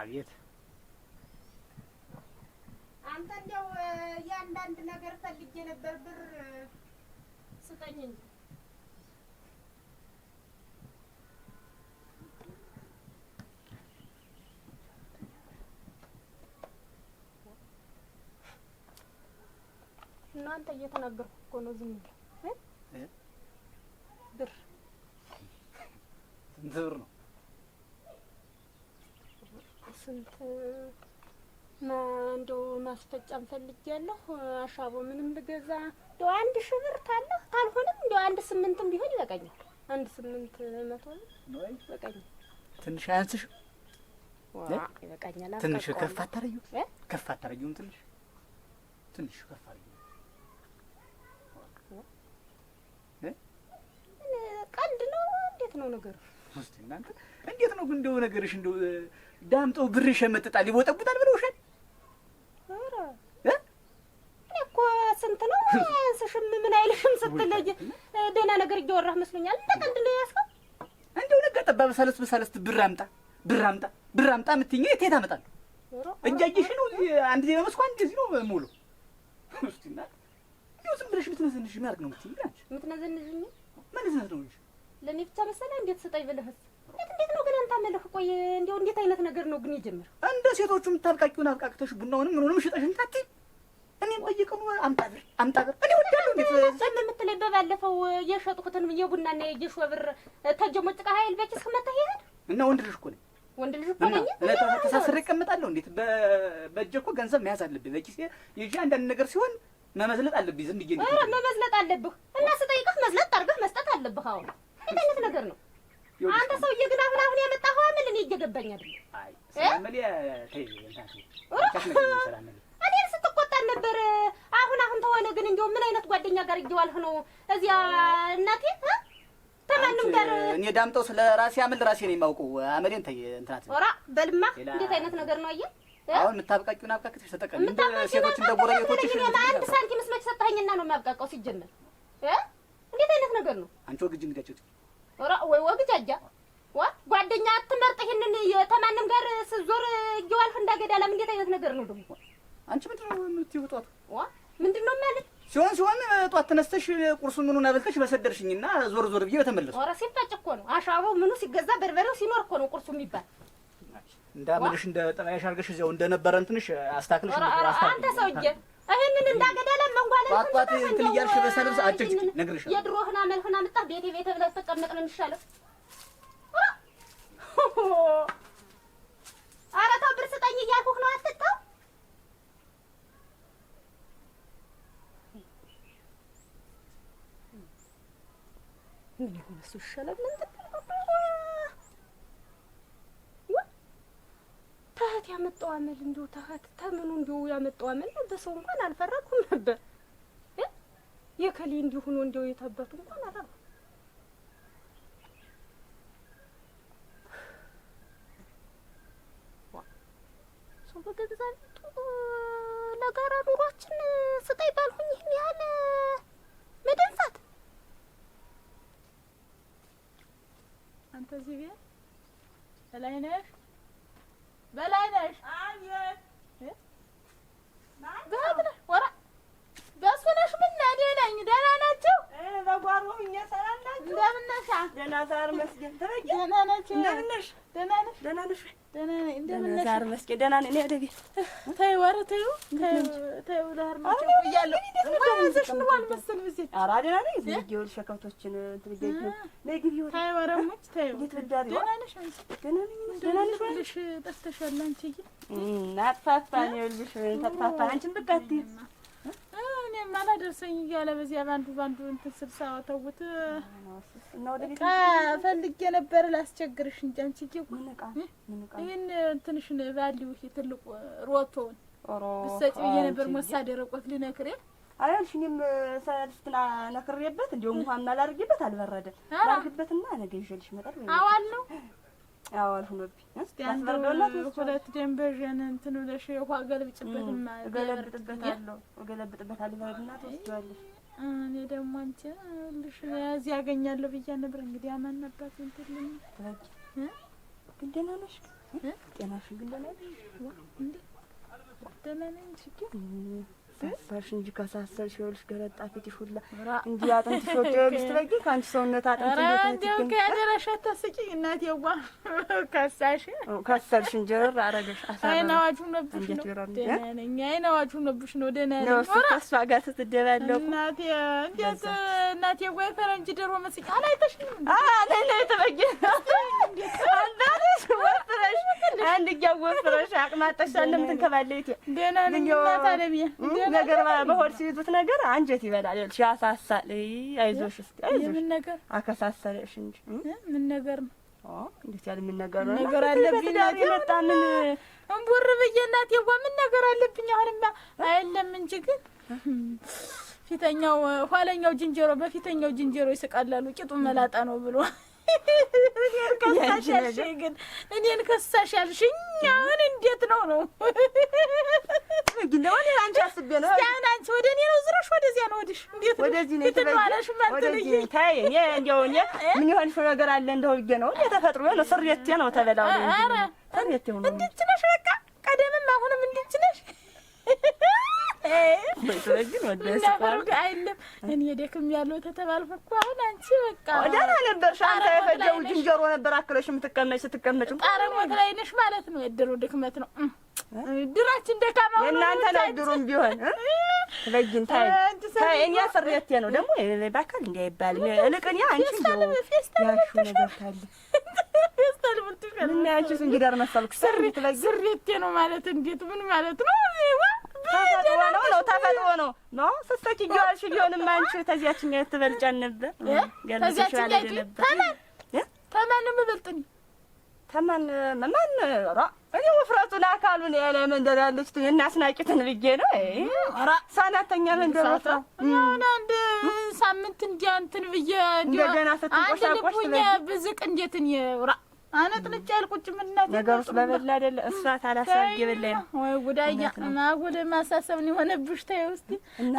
አቤት አንተ እንደው የአንዳንድ ነገር ፈልጌ ነበር፣ ብር ስጠኝ እንጂ እናንተ እየተናገርኩ እኮ ነው። ዝም ብር ስንት ብር ነው? ስንት እንደ ማስፈጫም ፈልጌያለሁ። አሻቦ ምንም ብገዛ እንደ አንድ ሺህ ብር ታለህ ካልሆነም እንደ አንድ ስምንትም ቢሆን ይበቃኛል። አንድ ስምንት መቶ ይበቃኛል። ትንሽ አያንስሽ? ይበቃኛል። ትንሽ ከፍ አታረዩ? ከፍ አታረዩም? ትንሽ ትንሽ ከፍ አረዩ ቀልድ ነው። እንዴት ነው ነገሩ? እናንተ እንዴት ነው እንደው ነገርሽ እንደው ዳምጦ ብር ሸመጥጣል ይቦጠቡታል ብለውሻል። እኔ እኮ ስንት ነው አያንስሽም፣ ምን አይልሽም ስትለይ ደህና ነገር እያወራህ መስሎኛል። እንደቀልድ ነው ያስከው እንደው ነገጠባ ጠባ በሰለስት በሰለስት ብር አምጣ ብር አምጣ ብር አምጣ የምትይኝ የት የት አመጣለሁ? እጃጅሽ ነው አንድ ዜማ መስኳ እንደዚህ ነው ሙሉ እንዲሁ እንደው ዝም ብለሽ የምትነዘንሽ ማድረግ ነው የምትይኝ። ምትነዘንሽ መነዘንሽ ነው እንጂ ለእኔ ብቻ መሰለህ። እንዴት ስጠኝ ብለህስ እንዴት እንዴት ነው አንተ መልክ ቆይ፣ እንዴው እንዴት አይነት ነገር ነው ግን ይጀምር እንደ ሴቶቹ የምታልቃቂውን አልቃቅተሽ ቡናውንም ምኑንም ሽጠሽ እንታቲ እኔም ጠይቀው አምጣ ብር አምጣ ብር እኔ ወዳለሁ። እንዴት ዝም የምትለኝ? በባለፈው የሸጥኩትን የቡናና የጌሾ ብር ተጀሞ ጭቃ ሀይል በኪስ ክመታ ይሄድ እና ወንድ ልጅ እኮ ነኝ ወንድ ልጅ እኮ ነኝ። ተሳስሬ እቀምጣለሁ። እንዴት በእጄ እኮ ገንዘብ መያዝ አለብኝ። በኪሴ ይዤ አንዳንድ ነገር ሲሆን መመዝለጥ አለብኝ። ዝም ብዬ መመዝለጥ አለብህ እና ስጠይቅህ መዝለጥ አድርገህ መስጠት አለብህ። አሁን እንዴት አይነት ነገር ነው? አንተ ሰውዬ ግን አሁን አሁን ያመጣኸው አመል እኔ እየገባኝ አይደለም። እኔን ስትቆጣን ነበር። አሁን አሁን ተሆነ ግን እንዲያው ምን አይነት ጓደኛ ጋር እየዋልህ ነው? እዚያ እናቴ ከማንም ጋር እኔ ዳምጠው ስለ ራሴ አመል ራሴ ነው የማውቁ። አመሌን ተይ እንትናት ኦራ በልማ እንዴት አይነት ነገር ነው? አየህ አሁን የምታብቃቂውን አብቃቅት ተጠቀም። ሴቶች እንደ ጎረቤቶችሽ አንድ ሳንቲም ስመች ሰጠኸኝና ነው የማብቃቀው ሲጀመር። እንዴት አይነት ነገር ነው? አንቺ ወግጅ እንግዲያቸው ወይ ወግጃጃ ዋ ጓደኛ አትመርጥ። ይሄንን የተማንም ጋር ስዞር እየዋልክ እንዳገዳ ለምን እንዴት አይነት ነገር ነው ደግሞ? አንቺ ምንድን ነው የምትይው? ጧት ዋ ምንድን ነው ማለት ሲሆን ሲሆን ጧት ተነስተሽ ቁርሱ ምኑን አበልተሽ በሰደርሽኝና ዞር ዞር ብዬ በተመለሱ። ኧረ ሲፈጭ እኮ ነው አሻባው ምኑ ሲገዛ በርበሬው ሲኖር እኮ ነው ቁርሱ የሚባል። እንዳመልሽ እንደ ጠባያሽ አድርገሽ እዚያው እንደነበረ እንትንሽ አስተካክለሽ አንተ ሰውዬ ይህንን እንዳገደለ መንጓለን ቋቋት እንትን እያልሽ በሰልብስ አጭጭ ነግሬሻለሁ። የድሮህና መልህና ምጣህ ቤቴ ቤቴ ብለህ ተቀመጥ ነው የሚሻለው። ኧረ ተው ብር ስጠኝ እያልኩህ ነው። አትጠው ምን ይሆን እሱ ይሻላል። ያመጣው አመል እንዲሁ ታሀት ተምኑ እንዲሁ ያመጣው አመል በሰው እንኳን አልፈረኩም ነበር። የከሌ እንዲሁ ሆኖ እንዲሁ የታባቱ እንኳን አላልኩም። ሰው ለጋራ ኑሯችን ስጠይ ይህን ያህል አንተ እዚህ ቤት ላይ ነህ Wel, leiders. je. Ja? እንደምን ነሽ? ደህና ዛር መስገን ተረጊ። ደህና ነሽ? እንደምን ነሽ? ደህና ነሽ? ደህና ነሽ? ደህና ነኝ። እንደምን ነሽ? ዛር መስገን ደህና ነኝ። ያደግ ተይ፣ ወር ተዩ፣ ተዩ ዳር መስገን ብያለሁ። ወራዘሽ ነው አልመሰል ብዜ ኧረ ደህና ነኝ። ዝግ ይወል ሸከብቶችን ትብያይ ነው ለግብ ይወል ተይ፣ ወረሞች ተዩ። ይትዳሪ ደህና ነሽ? ደህና ነኝ። ደህና ነሽ? ልሽ ጠፍተሻል አንቺዬ። ናጥፋፋ ነው ልሽ ተጣፋፋ አንቺን በቃ አትይ እኔማ አላደርሰኝ እያለ በዚያ ባንዱ ባንዱ እንትን ስልሳ ተውት ፈልጌ ነበር ላስቸግርሽ እንጂ አንቺዬ ይህን እንትንሽን ባሊው ትልቁ ሮቶውን ብትሰጪው ብዬሽ ነበር። ሞሳ ደረቆት ልነክሬ አይሆንሽ እኔም ሰልፍትና ነክሬበት እንዲሁም ውሀም አላርጌበት አልበረደም። ላርግበትና ነገ ይዤልሽ እመጣለሁ። አዋል ያው አልሆነብኝ። ያስበርዶላት ሁለት ደንበዥን እንትን ብለሽ ውሃ ገልብጭበትማ እገለብጥበታለሁ እገለብጥበታለሁ እና ትወስጂዋለሽ። እኔ ደግሞ አንቺ ልሽ ያዝ ያገኛለሁ ብያ ነበር። እንግዲህ አማን ነበር እንትን ግን ደህና ነሽ? ጤናሽ ግን ደህና ነሽ? ደህና ነኝ ችግር አሳሰርሽ እንጂ ከሳሰርሽ ይኸውልሽ ገረጣ ፊትሽ ሁላ እንጂ አጥንት ሾጭ ይኸውልሽ ትለጊ ከአንቺ ሰውነት አጥንት እንዴት ከደረሻ ታስቂኝ እናት የዋ ከሳሽ ከሰርሽ እንጂ አረገሽ አይናዋጁ ነብሽ ነው ደህና አይናዋጁ ነብሽ ነው ደህና ወራ ከሷ ጋር ስትደላለቁ እናቴ እንዴት እናቴ ወይ ፈረንጅ ደሮ መስቂ አላይተሽ አላይ ላይ ተበጊ አንዳንሽ ወፍረሽ አንድ ጊያ ወፍረሽ አቅማጠሽ አለምትን ከባለይቴ ደህና ነኝ እናት አለብዬ ነገር በሆድ ሲይዙት ነገር አንጀት ይበላል። ይኸውልሽ ያሳሳል። አይዞሽ እስኪ አይዞሽ። ምን ነገር አከሳሰለሽ እንጂ ምን ነገር ነው? እንዴት ያለ ምን ነገር ነው? ነገር አለብኝ እናቴ መጣ። ምን እምቡር ብዬ እናቴ ዋ ምን ነገር አለብኝ? አሁንማ አይደለም እንጂ ግን ፊተኛው ኋለኛው ዝንጀሮ በፊተኛው ዝንጀሮ ይስቃላሉ። ቂጡ መላጣ ነው ብሎ ግን እኔን ከሳሽ ያልሽኝ አሁን እንዴት ነው ነው? አንቺ አስቤ ነው። አንቺ ወደ እኔ ነው ዙረሽ ወደዚያ ነው ወዲሽ እንዴት ነው? ወደዚህ ነው የተባለሽ ምን ይሆንሽ ነገር አለ እንደው ብዬሽ ነው። የተፈጥሮ ነው ስሬቴ ነው ተበላው ነው እንድትነሽ በቃ ቀደምም አሁንም እንድትነሽ እኔ ደክም ያለው ተተባልኩ እኮ አሁን አንቺ በቃ ደህና ነበርሽ። አንተ የፈጀው ዝንጀሮ ነበር አክለሽ የምትቀመጭ ስትቀመጭ ጣረሞት ላይ ነሽ ማለት ነው። የድሩ ድክመት ነው። ድራችን ደካማ የእናንተ ነው። ድሩም ቢሆን በጅን ታይ እኔ ነው ደግሞ በአካል እንዲህ አይባልም። እልቅን አንቺ ያሹ ነገር ታለ ምናያችስ እንግዳር መሳልኩ ስሬቴ ነው ማለት እንዴት ምን ማለት ነው? ተፈጥሮ ነው ነው ተፈጥሮ ነው ነው ስትስቂ ጊዋልሽ ቢሆንም አንቺ ተዚያችኛው ትበልጫን ነበር። ተዚያችኛው ተማን ተማን የምበልጥኝ ተማን መማን ራ እኔ ወፍረቱን አካሉን ያለ መንደር ያለች ይሄን ብዬ ነው። ራ ሳናተኛ መንደር ወጣ ሆነ አንድ ሳምንት እንዲያ እንትን ብዬ እንደገና ስትቆሻቆሽ አንድ ልኩኝ ብዝቅ እንዴት ነው አነጥንጫ ያልቁጭ ምናት ነገሩ ስለበላ አይደለ እስራት አላሳብ የበላኝ ወይ ጉዳያ ማጉል ማሳሰብን የሆነብሽ ተይው ውስጥ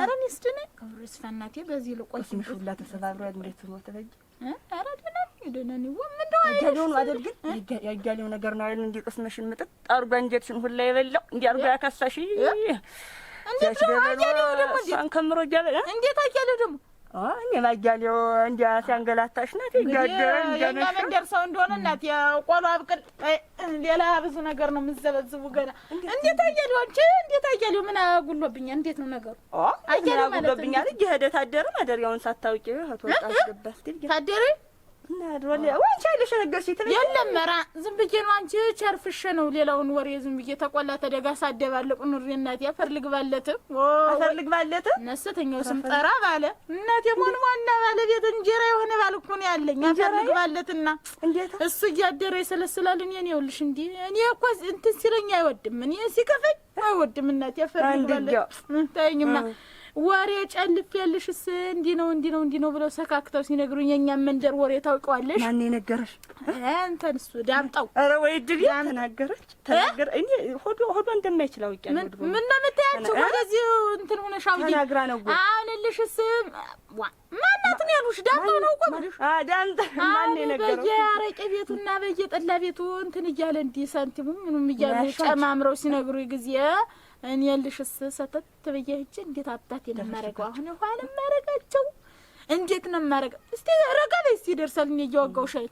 አረ ሚስቱን ክብሩ ይስፋ እናቴ በዚህ ልቆይ ምሹላ ተሰባብሮ እንዴት ነው ተበጅ አረ ደህና ደህና ነው ምንድነው ያጃሌውን አይደል ግን ያጃሌው ነገር ነው አይደል እንዴ ቅስምሽን ምጥጥ አርጓ እንጀትሽን ሁላ የበላው እንዴ አርጎ ያከሳሽ እንዴት ነው ያጃሌው ደግሞ እንዴት አንከምሮ ያጃሌው እንዴት ያጃሌው ደግሞ እኔ ማያሌው እንዲያ ሲያንገላታሽ ናት ይጋደረ የእኛ መንደር ሰው እንደሆነ እናት የቆሎ አብቅል ሌላ ብዙ ነገር ነው የምዘበዝቡ ገና። እንዴት አያሌው አንቺ እንዴት አያሌው ምን አጉሎብኛል? እንዴት ነው ነገሩ? አያሌው ማለት ነው አጉሎብኛል። እየሄደ ታደረ ማደሪያውን ሳታውቂ ሆቶ ወጣ ገባስ ታደረ የለም መራ ዝም ብዬ ነው አንቺ ቸርፍሽ ነው። ሌላውን ወሬ ዝም ብዬ ተቆላ ተደጋ ሳደባለቁ ኑሬ እናቴ አፈር ልግባለትም አፈር ልግባለትም ነስተኛው ስም ጠራ ባለ እናቴ ሆን ዋና ባለቤት እንጀራ የሆነ ባል ነው ያለኝ። አፈር ልግባለትና እሱ እያደረ ይሰለስላል። እኔ ይኸውልሽ እንዲ እኔ እኮ እንትን ሲለኝ አይወድም። እኔ ሲከፈኝ አይወድም እናቴ አፈር ልግባለት ታይኝማ ወሬ ጨልፍ ጨልፌልሽስ እንዲህ ነው እንዲህ ነው እንዲህ ነው ብለው ሰካክተው ሲነግሩኝ የእኛ መንደር ወሬ ታውቀዋለሽ። ማን የነገረሽ? እንትን እሱ ዳምጣው። ኧረ ወይ ድግ ተናገረች ተናገረ። እኔ ሆዶ ሆዶ እንደማይችል አውቄያለሁ። ምን ነው የምትያቸው? ወደዚህ እንትን ሆነሽ አውዬ ተናግራ ነው አሁንልሽስ ማ ነው ያሉሽ? ዳምጠው ነው እኮ ብለሽ ዳምጠው ማን የነገረው? በየአረቄ ቤቱና በየጠላ ቤቱ እንትን እያለ እንዲህ ሳንቲሙ ምኑም እያሉ ጨማምረው ሲነግሩ ጊዜ እኔ ልሽስ ሰተት ብዬሽ ሂጅ እንዴት አባቴ ነው የማደርገው? አሁን እንኳን ማረጋቸው እንዴት ነው የማደርገው? እስቲ ረጋ በይ እስቲ ይደርሳል። እኔ እያወጋሁሽ ሻይል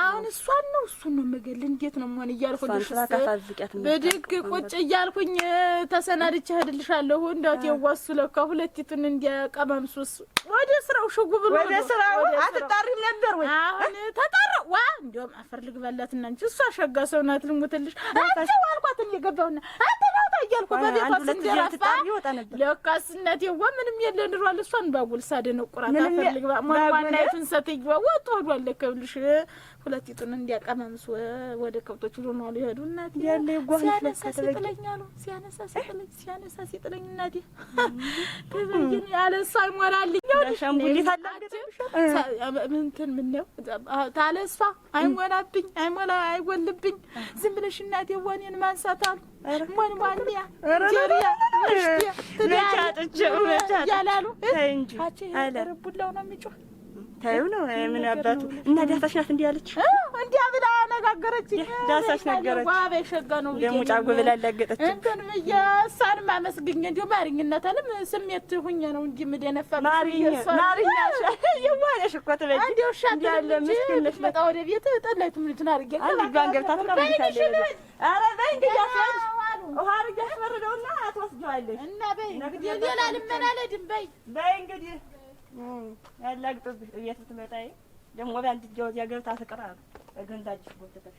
አሁን እሷን ነው እሱን ነው የምገል። እንዴት ነው መሆን እያልኩኝ ብድግ ቁጭ እያልኩኝ ተሰናድቼ እሄድልሻለሁ። እንዳት የዋሱ ለካ ሁለቲቱን እንዲያቀማምሱስ ወደ ስራው ሽጉ ብሎ ወደ ስራው አትጣሪም ነበር ወይ? አሁን ተጣራ ዋ እንዲያውም አፈር ልግበላት እና እንጂ እሷ ሸጋ ሰው ናት። ልሙትልሽ አንቺ አልኳት እየገባሁና አንተ ናውታ እያልኩ በቤቷ ስንደራፋ ለካስነት የዋ ምንም የለ ንሯል። እሷን ባጉል ሳደነቁራት አፈር ልግባ ሟሟና ቱን ሰትግባ ወጥ ሆዷል እኮ ይኸውልሽ ሁለቲቱን እንዲያቀማምስ ወደ ከብቶች ሁሉ ነው ሊሄዱ። እናቴ ሲያነሳ ሲጥለኝ አሉ ሲያነሳ ሲጥለኝ ሲያነሳ ሲጥለኝ እናቴ ተበይን ያለ እሷ አይሞላልኝ እንትን ምነው ታለ እሷ አይሞላብኝ አይሞላ አይጎልብኝ ዝም ብለሽ እናቴ ወኔን ማንሳት አሉ ሞን ዋንያ ጀሪያ ሽያ ያላሉ አቸ ረቡላው ነው የሚጮህ ታዩ ነው ምን አባቱ እና ዳሳሽ ናት እንዲህ አለች። እንዲያ ብላ ነጋገረች። ዳሳሽ ነገረች። ዋ በሸጋ ነው ደሞ ጫጎ ብላ ለገጠች። እንትን ብዬ እሷንም አመስግኝ እንዲሁ ማርኝነታንም ስሜት ሁኜ ነው እንጂ ምደነፋ ማርኝ ማርኝ የዋለሽ እኮ ትበይ እንዲሁ ሻለ ምስኪንሽ መጣ ወደ ቤት ጠላይቱ ምንትን አርገ አንድ ጋር ገብታ ተቀምጣለች። አረ በይ እንዲህ ዳሳሽ ውሃ አርገሽ መርደውና አትወስጂዋለሽ እና በይ እንግዲህ ሌላ ልመና ለድም በይ በይ እንግዲህ ያላግጦብሽ ቤት ብትመጣ ደግሞ በአንድ እጇ ወዲያ ገብታ ስቅራ ገንዛችሁ ቦተተሻ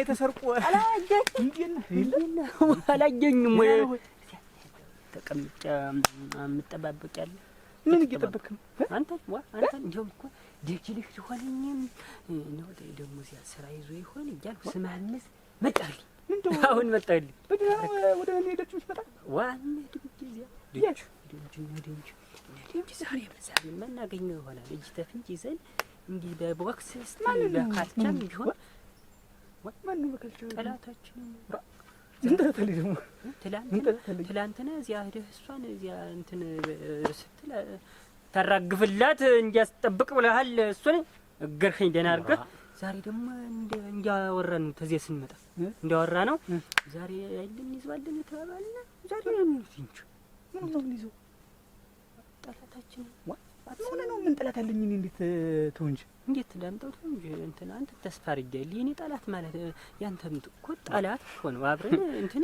የተሰርቆ አላየኝም። ተቀምጬ የምጠባበቅ ያለ ምን እየጠበቅህ አንተ? አንተ እንዲያውም እኮ ደግልህ ሊሆንኝም ነው ደግሞ እዚያ ስራ ይዞ ይሆን እያልኩ ስማንስ መጣልኝ። አሁን መጣልኝ። ወደ እኔ ሄደችው ይመጣ ዋና ድምጭ እዚያ ድምጭ ድምጭ ድምጭ ዛሬ ዛሬ የማናገኘው ይሆናል። እጅ ተፍንጭ ይዘን እንዲህ በቦክስ ስ ካልቻም ቢሆን ማነው በከልቸው ጠላታችን ደግሞ ትላንትና እዚያ ሂደህ እሷን እዚያ እንትን ስትል ታራግፍላት እንዲያስጠብቅ ብለሃል። እሱን እገርኸኝ ደህና አድርገህ ዛሬ ደግሞ እንዲያወራ ነው። ተዚያ ስንመጣ እንዲያወራ ነው። ዛሬ አይደል እንይዘዋለን የተባባልን ዛሬ ነው ነው እንይዘው ጠላታችን ምን ነው ምን ጠላት አለኝ እኔ? እንዴት ተው እንጂ እንዴት ዳምጠው ተው እንጂ እንትና አንተ ተስፋ አድርጌልህ የእኔ ጠላት ማለት ያንተም እኮ ጠላት እኮ ነው። አብረን እንትን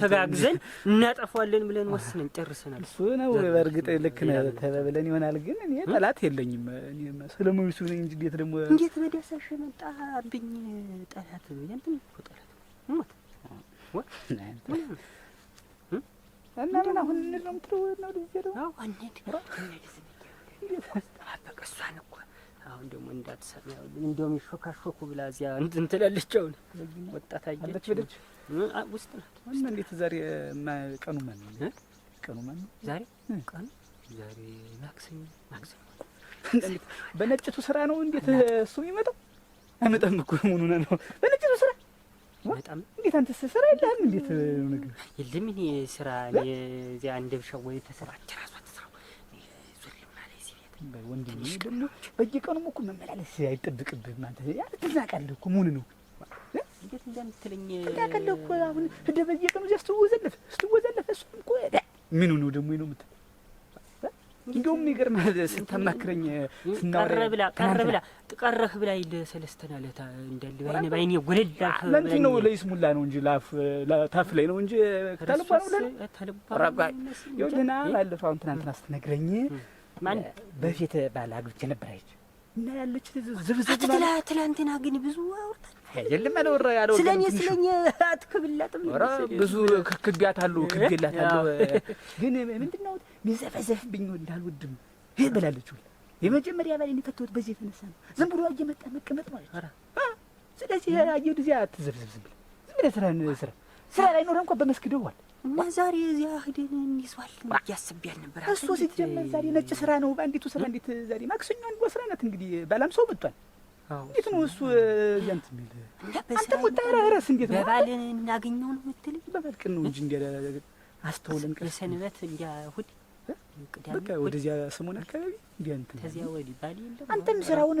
ተጋግዘን እናጠፋለን ብለን ወስነን ጨርሰናል። እሱ ነው በእርግጥ ልክ ነህ ተብለን ይሆናል። ግን እኔ ጠላት የለኝም። እኔም ሰለሞን እሱ ነኝ እንጂ እንዴት ደግሞ እንዴት በዳሳሽ መጣብኝ ጠላት ያንተም እኮ ጠላት ሞት ወጥ እና ምን አሁን እንድነው ነው ልጅ ነው አንዴ ማበቅ እሷን እኮ አሁን ደግሞ እንዳትሰማ እንደውም ይሾካሾኩ ብላ እዚያ እንትን ትላለች። ወጣት አየች ውስጥ ናት። እንዴት ዛሬ ቀኑ ማን ቀኑ ማን ዛሬ ቀኑ ዛሬ ማክሰኞ ማክሰኞ። በነጭቱ ስራ ነው። እንዴት እሱ የሚመጣው አይመጣም እኮ መሆኑን ነው። በነጭቱ ስራ በጣም እንዴት አንተስ ስራ የለህም? እንዴት ነገር የለም። እኔ ስራ እዚያ እንደብሻ ወይ ተሰራች ራሱ አለብኝ ባይ ወንድሜ። ደግሞ እኮ መመላለስ አይጠብቅብህም አንተ። ያን ትናቃለህ እኮ መሆን ነው። እንዴት እንደምትለኝ ትናቃለህ እኮ አሁን ሂደህ በየቀኑ እዚያ ስትወዘለፍ ስትወዘለፍ፣ እሱም እኮ ምኑ ነው ደግሞ ነው የምትለው። እንደውም ይገርምሃል ስታማክረኝ ስናወራ ቀረ ብላ ቀረ ብላ ቀረህ ብላ ይል ለታ እንዳል ባይኔ ባይኔ ጎለዳ ለእንትን ነው ለይስሙላ ነው እንጂ ላፍ ታፍ ላይ ነው እንጂ ታልባ ነው ለታልባ ረጋ ይሁንና ባለፈው አሁን ትናንትና ስትነግረኝ ማን በፊት ባል አግብቼ ነበር። አይች እና ያለች ዝብዝብ ትላንትና ግን ብዙ አውርታ የለም አላወራ ያለው ስለኔ ስለኝ አትክብላትም። ብዙ ክክቢያት አሉ ክግላት አሉ ግን ምንድነው ሚዘፈዘፍብኝ እንዳልወድም ይሄ ብላለች። የመጀመሪያ ባሌን የፈተሁት በዚህ የተነሳ ነው። ዝም ብሎ እየመጣ መቀመጥ ማለት ነው። ስለዚህ አየሁ እዚያ አትዘብዝብ፣ ዝም ብለህ ስራ ስራ ስራ ላይ ኖረ እንኳን በመስክ ደዋል እና ዛሬ እዚያ ህደን እንይዟልን እያስብያል ነበር። እሱ ሲጀመር ዛሬ ነጭ ስራ ነው። በአንዲቱ ስራ እንዴት ዛሬ ማክሰኞ አንዷ ስራ ናት። እንግዲህ ባላም ሰው መጥቷል። እንዴት ነው እሱ ያንት ሚል አንተ ቁጣ ረረስ እንዴት ነው በባል እናገኘው ነው የምትለኝ? በበልቅን ነው እንጂ እንዲ አስተውለን ቀን በሰንበት እንዲ እሑድ በቃ ወደዚያ ሰሞን አካባቢ ወዲህ ባል የለም። አንተም ስራውን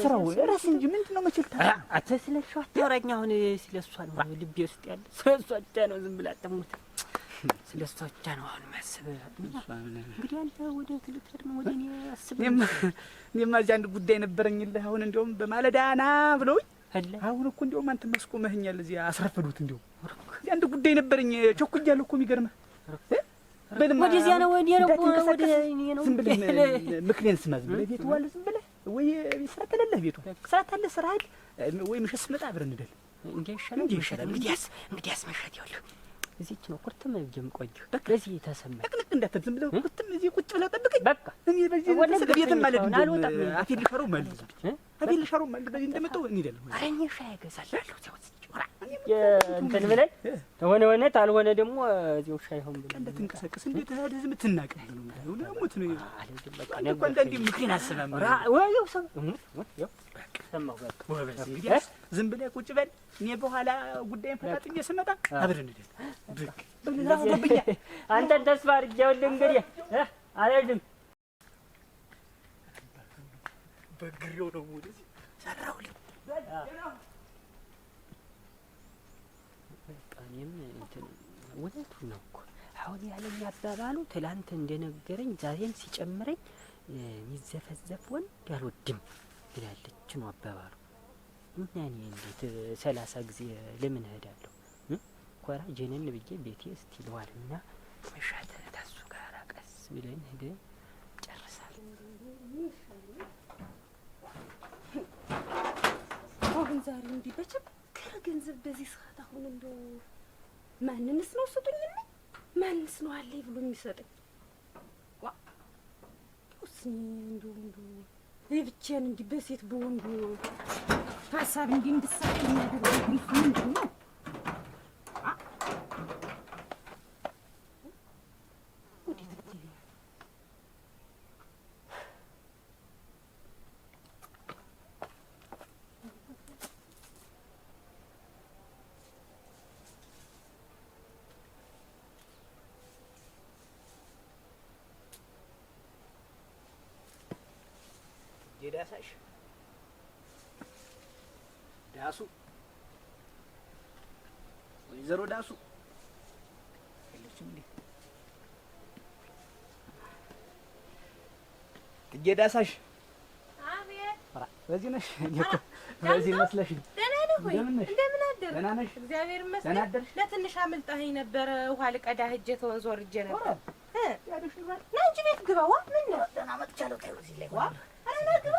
ስራው ራስ እንጂ ምንድን ነው መችልታ አተ አታወራኝ። አሁን ነው ልቤ ውስጥ ያለ ብቻ ነው። ዝም ብላ ብቻ ነው አሁን ማስብ። እንግዲህ አንተ ወደ ትልትር ነው ወደ እኔ አስብ። እኔማ እዚያ አንድ ጉዳይ ነበረኝልህ። አሁን እንዲያውም በማለዳ ና ብለውኝ አሁን እኮ እንዲያውም አንተ ማስቆመህኛል። እዚያ አስረፈዱት። እንዲያውም አንድ ጉዳይ ነበረኝ ቸኩያለሁ እኮ የሚገርምህ ወደዚያ ነው ወደ ነው ወደ እኔ ነው። ዝም ብለህ ምክኔን ስማ። ብለህ ቤቱ ዋለ። ዝም ብለህ ወይ ስራ ተለለህ ቤቱ ስራ ታለ ስራ አይደል ወይ ምሽት ስመጣ አብረን እንደል እንዴ ይሻላል። እንዴ ይሻላል። እንግዲያስ እንግዲያስ መሻት ይኸውልህ እዚች ነው ኩርትም ጀም ቆዩ በዚህ ተሰማኝ ልቅልቅ እንዳትል ዝም ብለህ ኩርትም እዚህ ቁጭ ብለህ ጠብቀኝ። በቃ እኔ በዚህ ስለ ቤትም ማለት አልወጣም። አፌ ልሻረው ማለት አፌ ልሻረው ማለት በዚህ እንደመጣሁ እኔ ደለም አረኝ ሻይ ገዛላለሁ እንትን ብለን ተሆነ ሆነ ታልሆነ ደግሞ እዚሁ ሻይ ሆን ብለን እንዳትንቀሳቀስ እንዴት አይደል ዝም ትናቅ ብሎ ነው ለሙት ነው እኮ አንዳንዴ ምክሬን አስበም ወይው ሰው ሰማሁ። በቃ ወበስ እንግዲህ ዝም ብለህ ቁጭ በል። እኔ በኋላ ጉዳይን ፈታጥኜ ስመጣ አብረን እንደት ብቅ በልራው ገብኛ አንተን ተስፋ አድርጌዋለሁ። እንግዲህ አልሄድም በግሬው ነው ወደዚህ ሰራሁልህ እኔም እንትን እውነቱን ነው እኮ አሁን ያለኝ አባባሉ ትላንት እንደነገረኝ ዛሬም ሲጨምረኝ የሚዘፈዘፍ ወንድ አልወድም ብላለች ነው አባባሉ። እና እኔ እንዴት ሰላሳ ጊዜ ለምን እሄዳለሁ? ኮራ ጀነን ብዬ ቤቴ እስቲ ይለዋል እና መሻት ታሱ ጋር ቀስ ብለን ሄደን ጨርሳል። አሁን ዛሬ እንዲህ ገንዘብ በዚህ ሰዓት አሁን እንደው ማንንስ ነው ስጡኝ፣ ማንንስ ነው አለ ብሎ የሚሰጠኝ? ስ እንደው እንደው ብቻዬን እንዲህ በሴት በወንዱ ሀሳብ እንዲህ እንድሳቀኝ የሚያደርገኝ ምንድን ነው? ዳሳሽ ዳሱ ወይዘሮ ዳሱ የለችም እንዴ? ዳሳሽ በዚህ ነሽ? በዚህ መስለሽ። እንደምን ደህና ነሽ? እግዚአብሔር ይመስገን። ለትንሽ ነበረ። ውሃ ልቀዳ ሂጅ ተወንዝ ወርጄ ነበር። ና እንጂ ቤት ግባ። ዋ ምን ነው? ደህና መጥቻለሁ። ተይው እዚህ ላይ ዋ። ኧረ ና ግባ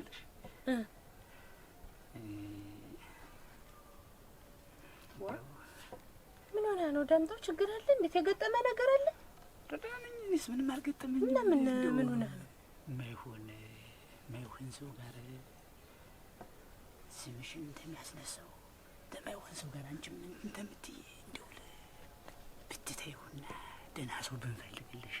የምልሽ ምን ሆነ ነው ዳምጠው? ችግር አለ? እንዴት የገጠመ ነገር አለ? ረዳነኝ። እኔስ ምንም አልገጠመኝ። እና ምን ምን ሆነ ነው ማይሆን ማይሆን ሰው ጋር ስምሽን እንደሚያስነሳው ተማይሆን ሰው ጋር አንቺ ምን እንደምትይ እንደው ብትተይውና ደህና ሰው ብንፈልግልሽ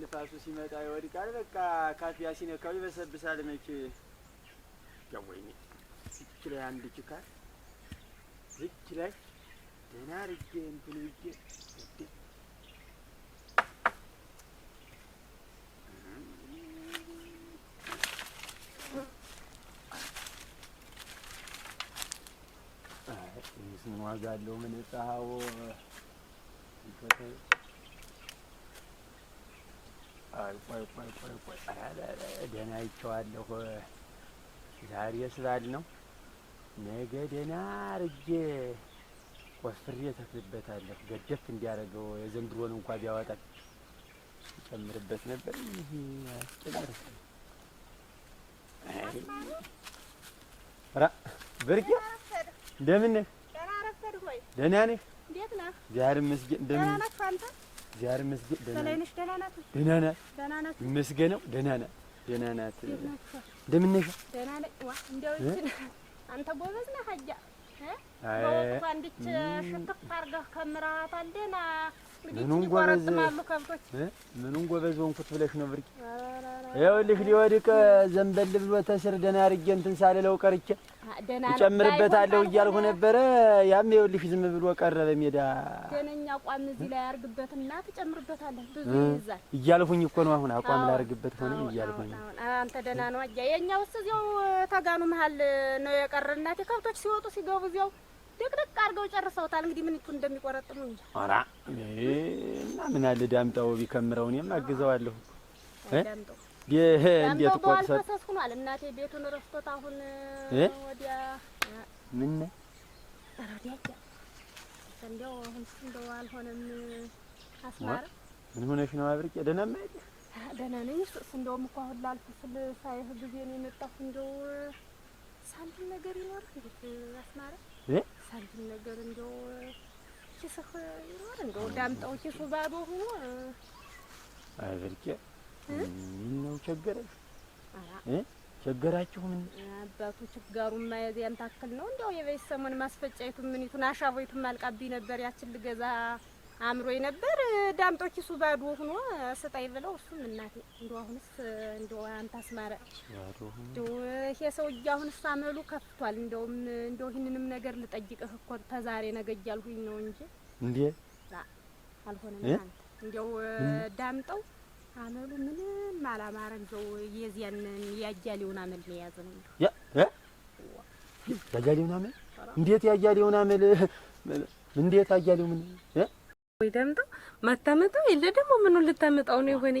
ንፋሱ ሲመጣ ይወድቃል። በቃ ካፊያ ሲነካው ይበሰብሳል። መቼ ያወይኝ ዝች ላይ አንድ ችካል ዝች ላይ ደህና ርጌ እንትን ውጌ ወደ ስንዋጋለው ምን ጸሀዎ ቆይ ቆይ ቆይ ቆይ ደህና አይቼዋለሁ። ዛሬ ስላል ነው ነገ ደህና አርጌ ቆፍሬ ተክልበታለሁ። ገደፍ እንዲያደርገው የዘንድሮን እንኳ ቢያወጣ ይጨምርበት ነበር። ይህ አስጨምር ራ እንደምን ነህ? ደህና ነህ? እግዚአብሔር ይመስገን። እንደምን ዛሬ መስገን ደህና ናት፣ ደህና ደህና ናት፣ ደህና ናት። እንደምን ነሽ? ደህና ነኝ። ዋ እንደው አንተ ጎበዝ ነህ። ሀጃ በወቅቱ አንዲች ሽክፍ አድርገህ ከምራታል። ደህና ምኑን ጎበዝ ምኑን ጎበዝ ሆንኩት ብለሽ ነው ብርቅ? ይኸውልሽ ሊወድቅ ዘንበል ብሎ ተስር ደህና አድርጌ እንትን ሳልለው ቀርቼ እጨምርበታለሁ እያልኩ ነበረ። ያም ይኸውልሽ ዝም ብሎ ቀረ በሜዳ። ደህነኛ አቋም እዚህ ላይ አድርግበትና ትጨምርበታለህ ብዙ ይይዛል እያልኩኝ እኮ ነው። አሁን አቋም ላድርግበት ሆነ እያልኩኝ አንተ ደህና ነው አያ የእኛ ውስጥ እዚያው ተጋኑ መሀል ነው የቀረ እናቴ ከብቶች ሲወጡ ሲገቡ እዚያው ድቅድቅ አድርገው ጨርሰውታል። እንግዲህ ምን እንጂ ኧረ እና ምን አለ ዳምጣው ቢከምረው እኔም አግዘዋለሁ። ዳምጣው እንዴት እናቴ ቤቱን ረስቶት አሁን ወዲያ ምን ነው ምን ሆነሽ ነው? አብርቄ ደህና ደህና ነኝ። እሱ እንደውም እኮ አሁን ላልፍ ስል ሳይህ ጊዜ ነው የመጣሁ። እንደው ሳንቲም ነገር ይኖር እንዴት አስማረ ሳንቲም ነገር እንደው ኪስህ ይኖር እንደው ዳምጣው ኪሱ ባዶ ሆኖ አብርቄ ምን ነው ቸገረሽ? ቸገራችሁ ምን አባቱ ችጋሩን ማየዝ ያን ታክል ነው። እንደው የቤት ሰሞን ማስፈጫይቱ ምን ይቱን አሻቦይቱን ማልቃብኝ ነበር ያችን ልገዛ አምሮ ነበር ዳምጦ ኪሱ ባዶ ሆኖ ስጣይ ብለው እሱም እናቴ እንደው አሁንስ እንደው አንተ አስማረ እንደው ይሄ ሰውዬ አሁንስ አመሉ ከፍቷል። እንደውም እንደው ይህንንም ነገር ልጠይቅህ እኮ ተዛሬ ነገ እያልኩኝ ነው እንጂ እንዴ አልሆነም። አንተ እንደው ዳምጠው አመሉ ምንም አላማረ። እንደው የዚያን ያያሌውን አመል ነው የያዘው። ያ ያያሌውን አመል እንዴት ያያሌውን አመል እንዴት አያሌው ምን እ ወይ ደምጣ ማታመጣው የለ ደግሞ ምኑን ልታመጣው ነው? የሆነ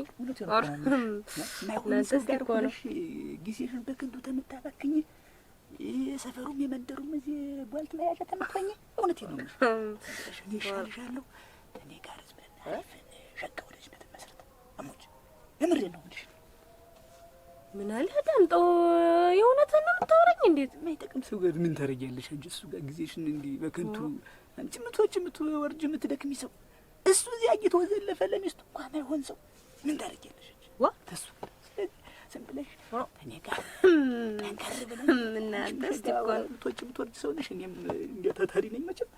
ጊዜሽን በክንዱ ተምታባክኝ የሰፈሩም የመንደሩም እዚህ ቧልት ላይ ያለ ተመቷኝ። እውነቴን ነው ይሻልሻለሁ። እኔ ጋር ዝምና ሸቀ ወደጅነት መስረት አሞች የምሬን ነው ምልሽ ምን አለ ዳምጠው፣ የእውነትን ነው የምታወራኝ? እንዴት ማይጠቅም ሰው ጋር ምን ታደርጊያለሽ አንቺ? እሱ ጋር ጊዜሽን እንዲህ በከንቱ አንቺ ምቶች ምትወርጅ ምትደክሚ ሰው እሱ እዚህ አግኝቶ ዘለፈ ለሚስቱ እንኳን አይሆን ሰው ምን ታደርጊያለሽ? ዋ ተሱ ዝም ብለሽ እኔ ጋር ሰው ነሽ። እኔም እንደ ነኝ መቼም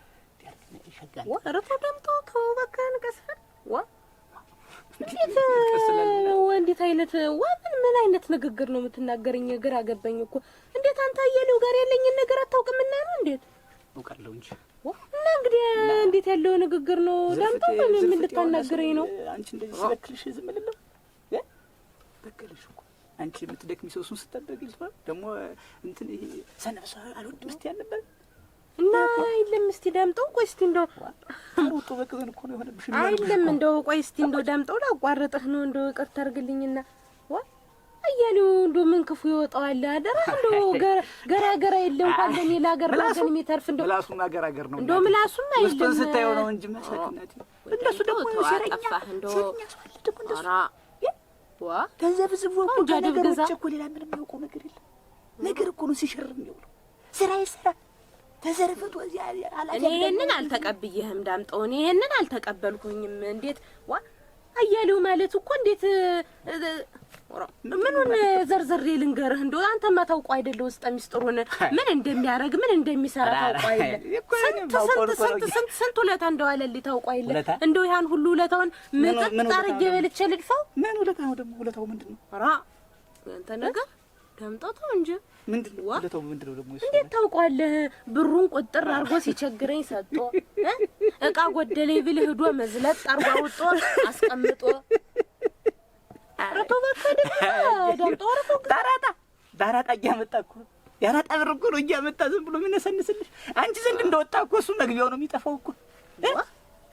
ረቶ ተው በቃ ዋ እንዴት አይነት ዋ ምን ምን አይነት ንግግር ነው የምትናገረኝ? ግራ ገባኝ እኮ። እንዴት አንተ አየለው ጋር ያለኝን ነገር አታውቅምና ነው እንዴት? አውቃለሁ እንጂ እና እንግዲህ እንዴት ያለው ንግግር ነው? ዳምጦ ምን ልታናግረኝ ነው? አንቺ እንደዚህ ስለክልሽ ዝም ልለው በክልሽ እኮ አንቺ የምትደክሚ ሰው እሱን ስታደርግ ይችላል ደግሞ እንትን ይሄ ሰነብሰ አልወድም እስቲ ያልነበረ እና የለም እስቲ ዳምጠው ቆይ እስቲ እንደው ሩጡ በቅዘን እኮ ነው የሆነብሽ። የለም እንደው ቆይ እስቲ እንደው ዳምጠው ላቋርጥህ ነው እንደው ይቅርታ አድርግልኝና ዋ እያሉ እንዶ ምን ክፉ ይወጣዋል። አደራ እንደው ገራገራ የለ እንኳን ለኔ ላገር ወገን የሚተርፍ እንደው ምላሱማ ገራገር ነው። እንዶ ምላሱማ አይደለም። ውስጡን ስታየው ነው እንጂ መሰለኝ። እንደሱ ደግሞ ሲረኛ እንዶ አራ ዋ ደግሞ እንደሱ ዋ ተንዘብዝቦ እኮ ነገሮች እኮ ሌላ ምንም ያውቀው ነገር የለም። ነገር እኮ ነው ሲሸር የሚውለው ስራ ይሰራ ተዘርፍቶ እዚህ አላ ይሄንን አልተቀብዬህም ዳምጠው እኔ ይሄንን አልተቀበልኩኝም። እንዴት ዋ አያሌው ማለት እኮ እንዴት ምኑን ዘርዘሬ ልንገርህ? እንደው አንተማ ታውቀው አይደለ ውስጥ ሚስጥሩን ምን እንደሚያደርግ ምን እንደሚሰራ ታውቀው አይደለ? ስንት ስንት ስንት ስንት ስንት ውለታ እንደው አለልኝ ታውቀው አይደለ? እንደው ያን ሁሉ ውለታውን ምጥጥ አድርጌ በልቼ ልድፈው። ምን ውለታ ነው ደግሞ? ውለታው ምንድን ነው? ኧረ ያንተ ነገር ዳምጠው እንጂ እሱ እንዴት ታውቋለህ? ብሩን ቁጥር አድርጎ ሲቸግረኝ ሰጦ እቃ ጎደለኝ ብልህ ሂዶ መዝለጥ አድርጎ አውጦ አስቀምጦ አረቶ ወከደ ዳምጠው አረቶ ዳራጣ ዳራጣ እያመጣ እኮ ያራጣ ብር እኮ ነው እያመጣ ዝም ብሎ የሚነሰንስልሽ አንቺ ዘንድ እንደወጣ እኮ እሱ መግቢያው ነው የሚጠፋው እኮ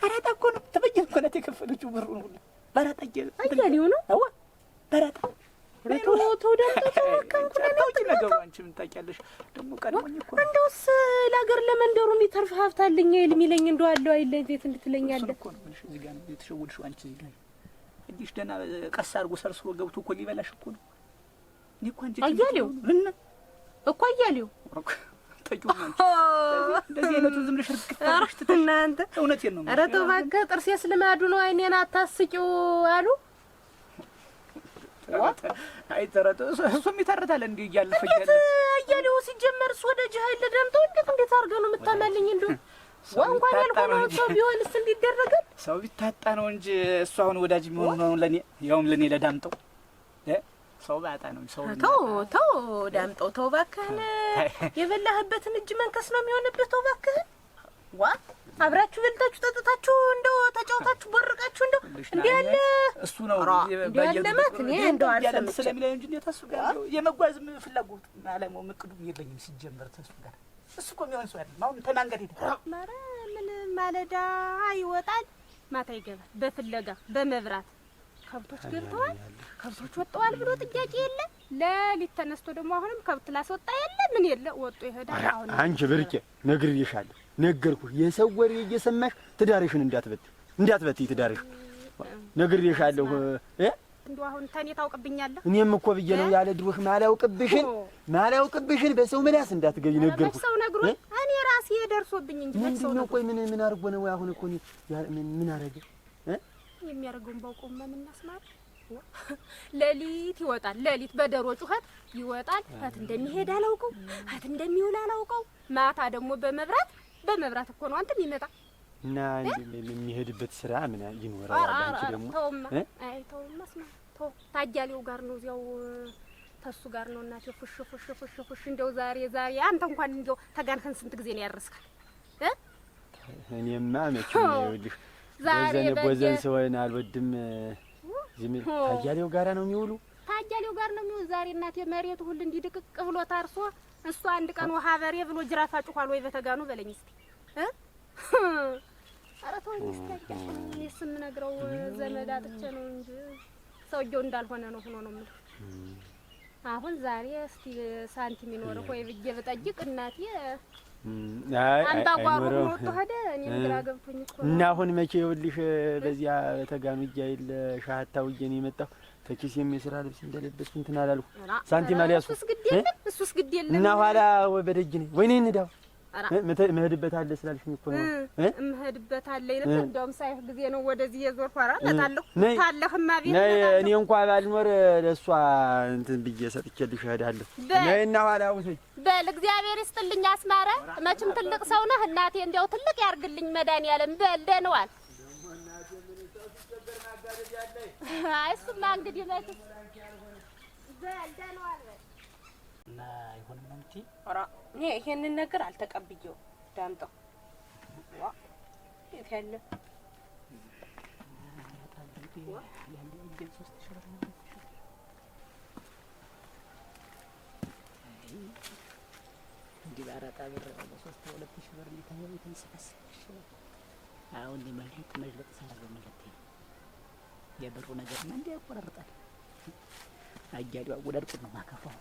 አራጣ እኮ ነው ተበየን እኮ ናት የከፈለችው ብሩን ሁሉ በአራጣ እያመጣ አያሌው ነው አዋ በአራጣ እንደውስ ለሀገር ለመንደሩ የሚተርፍ ሀብት አለኝ የሚለኝ እንደው አለው አይለኝ ቤት እንድትለኛለ የተሸወድሽው አንቺ እዚህ ላይ እጅሽ ደህና ቀስ አድርጎ ሰርስሮ ገብቶ እኮ ሊበላሽ እኮ ነው። እኔ እኮ አንቺ አያሌው እኮ አያሌው እናንተ እውነቴን ነው። ኧረ ተው እባክህ ጥርሴ ስለማዱ ነው አይኔን አታስቂው አሉ አይ ተረቱ እሱም ይተርታል። እንዲህ እያለ ፈጀለ እያለው ሲጀመር እሱ ወደ ጅሀይል ለዳምጠው እንዴት እንዴት አድርገህ ነው የምታማልኝ? እንደው እንኳን ያልሆነውን ሰው ቢሆንስ እንዴት ይደረጋል? ሰው ቢታጣ ነው እንጂ እሱ አሁን ወዳጅ የሚሆን ነው ለኔ፣ ያውም ለኔ ለዳምጠው ሰው ባጣ ነው። ሰው ተው ተው ዳምጠው ተው እባክህን፣ የበላህበትን እጅ መንከስ ነው የሚሆንብህ። ተው እባክህን ዋ አብራችሁ በልታችሁ ጠጥታችሁ እንደው ተጫውታችሁ ቦርቃችሁ እንደው እንዲህ ያለ እሱ ነው እንዲህ ያለ ማለት እኔ እንደው አልሰምቼ ስለሚለኝ እንጂ እንዴት ተሱ ጋር የመጓዝ ፍላጎት ነው እቅዱም የለኝም ሲጀምር ተሱ ጋር እሱ እኮ የሚሆን ሰው አይደለም። አሁን ተናንገር ሄደ ማረ ምን ማለዳ ይወጣል ማታ ይገባል። በፍለጋ በመብራት ከብቶች ገብተዋል፣ ከብቶች ወጥተዋል ብሎ ጥያቄ የለ። ለሊት ተነስቶ ደግሞ አሁንም ከብት ላስወጣ የለ ምን የለ ወጡ ይሄዳል። አሁን አንቺ ብርቄ ነግሬሻለሁ ነገርኩሽ። የሰው ወሬ እየሰማሽ ትዳርሽን እንዳትበት እንዳትበትይ ትዳርሽን ነግሬሻለሁ። እ እንዶ አሁን ተኔ ታውቅብኛለህ። እኔም እኮ ብዬ ነው ያለ ድሮሽ ማላውቅብሽን ማላውቅብሽን በሰው ምላስ እንዳትገቢ ነገርኩሽ። ሰው ነግሮኝ እኔ ራሴ ደርሶብኝ እንጂ ምን ሰው ነው? ቆይ ምን ምን አድርጎ ነው አሁን? እኮ ምን ምን አረገ? እ የሚያደርገውን ባውቀው ምናስማር ሌሊት ይወጣል። ሌሊት በደሮ ጩኸት ይወጣል። እህት እንደሚሄድ አላውቀው፣ እህት እንደሚውል አላውቀው። ማታ ደግሞ በመብራት በመብራት እኮ ነው አንተ የሚመጣ እና የሚሄድበት ስራ ምን ይኖራል? አንቺ ደግሞ አይ ተውማ፣ ስማ ተው፣ ታያሌው ጋር ነው እዚያው ተሱ ጋር ነው እናቴ። ፍሽ ፍሽ ፍሽ ፍሽ እንደው ዛሬ ዛሬ አንተ እንኳን እንደው ተጋንከን ስንት ጊዜ ነው ያርስካል? እኔማ መቼ ነው ይኸውልሽ፣ ዛሬ ቦዘን ሰውን አልወድም። ዝም ታያሌው ጋራ ነው የሚውሉ ታያሌው ጋር ነው የሚውሉ ዛሬ እናቴ መሬቱ ሁሉ እንዲድቅቅ ብሎ ታርሶ እሱ አንድ ቀን ውሃ በሬ ብሎ ጅራፋ ጭኋል ወይ በተጋኑ በለኝ እስቲ እ ኧረ ተወኝ እስቲ እኔስ የምነግረው ዘመድ አጥቼ ነው እንጂ ሰውየው እንዳልሆነ ነው ሆኖ ነው የምልህ። አሁን ዛሬ እስቲ ሳንቲም ይኖር ወይ ብዬ ብጠይቅ እናቴ እና አሁን መቼ ይኸውልሽ በዚያ በተጋኑ እያ የለ ሻህታው እየን የመጣው ተኪስ የሚስራ ልብስ እንደለበስ እንትን አላልኩ። ሳንቲም አልያዝኩ። እሱስ ግድ የለም ግድ የለም። እና ኋላ በደጅ ነኝ። ወይኔ እንዳው መሄድበት አለ ስላልሽኝ እኮ ነው መሄድበት አለ ይነ እንደውም ሳይህ ጊዜ ነው ወደዚህ የዞርኩ። ኧረ እመጣለሁ ታለህማ ቤት እኔ እንኳ ባልኖር ለእሷ እንትን ብዬ ሰጥቼልሽ እሄዳለሁ። እና ኋላ ውሰጅ በል። እግዚአብሔር ይስጥልኝ አስማረ፣ መቼም ትልቅ ሰው ነህ እናቴ። እንዲያው ትልቅ ያርግልኝ መድኃኒዓለም። በል ደህና ዋል። እሱማ እንግዲህ መቼም እና አይሆንም ነው የምትይኝ? ኧረ እኔ ይሄንን ነገር አልተቀብየው ዳምጠው እንዲህ በአራጣ ብር ሁለት ሺህ ብር አሁን የብሩ ነገር ነገርማ እንዲህ ያቆራርጣል። አያሌው አወዳድቁን ነው ማከፋው።